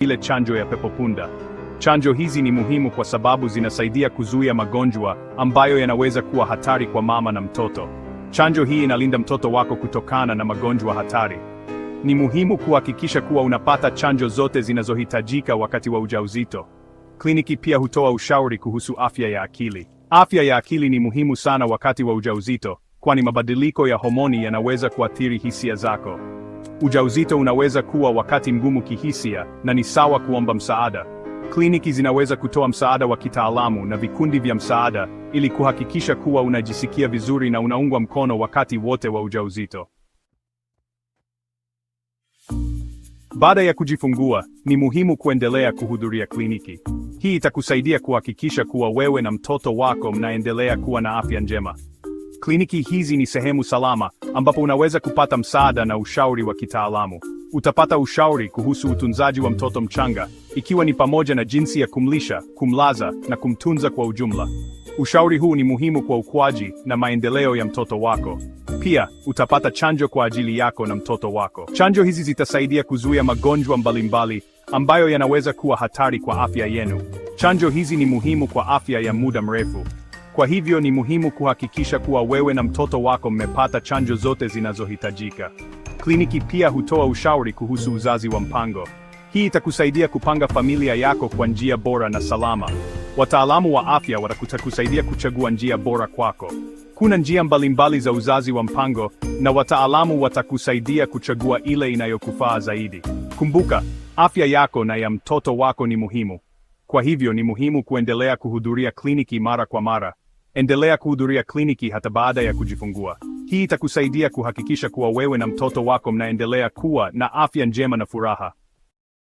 ile chanjo ya pepopunda. Chanjo hizi ni muhimu kwa sababu zinasaidia kuzuia magonjwa ambayo yanaweza kuwa hatari kwa mama na mtoto. Chanjo hii inalinda mtoto wako kutokana na magonjwa hatari. Ni muhimu kuhakikisha kuwa unapata chanjo zote zinazohitajika wakati wa ujauzito. Kliniki pia hutoa ushauri kuhusu afya ya akili. Afya ya akili ni muhimu sana wakati wa ujauzito, kwani mabadiliko ya homoni yanaweza kuathiri hisia zako. Ujauzito unaweza kuwa wakati mgumu kihisia na ni sawa kuomba msaada. Kliniki zinaweza kutoa msaada wa kitaalamu na vikundi vya msaada ili kuhakikisha kuwa unajisikia vizuri na unaungwa mkono wakati wote wa ujauzito. Baada ya kujifungua, ni muhimu kuendelea kuhudhuria kliniki. Hii itakusaidia kuhakikisha kuwa wewe na mtoto wako mnaendelea kuwa na afya njema. Kliniki hizi ni sehemu salama ambapo unaweza kupata msaada na ushauri wa kitaalamu. Utapata ushauri kuhusu utunzaji wa mtoto mchanga, ikiwa ni pamoja na jinsi ya kumlisha, kumlaza na kumtunza kwa ujumla. Ushauri huu ni muhimu kwa ukuaji na maendeleo ya mtoto wako. Pia, utapata chanjo kwa ajili yako na mtoto wako. Chanjo hizi zitasaidia kuzuia magonjwa mbalimbali ambayo yanaweza kuwa hatari kwa afya yenu. Chanjo hizi ni muhimu kwa afya ya muda mrefu. Kwa hivyo ni muhimu kuhakikisha kuwa wewe na mtoto wako mmepata chanjo zote zinazohitajika. Kliniki pia hutoa ushauri kuhusu uzazi wa mpango. Hii itakusaidia kupanga familia yako kwa njia bora na salama. Wataalamu wa afya watakusaidia kuchagua njia bora kwako. Kuna njia mbalimbali za uzazi wa mpango na wataalamu watakusaidia kuchagua ile inayokufaa zaidi. Kumbuka, afya yako na ya mtoto wako ni muhimu. Kwa hivyo ni muhimu kuendelea kuhudhuria kliniki mara kwa mara. Endelea kuhudhuria kliniki hata baada ya kujifungua. Hii itakusaidia kuhakikisha kuwa wewe na mtoto wako mnaendelea kuwa na afya njema na furaha.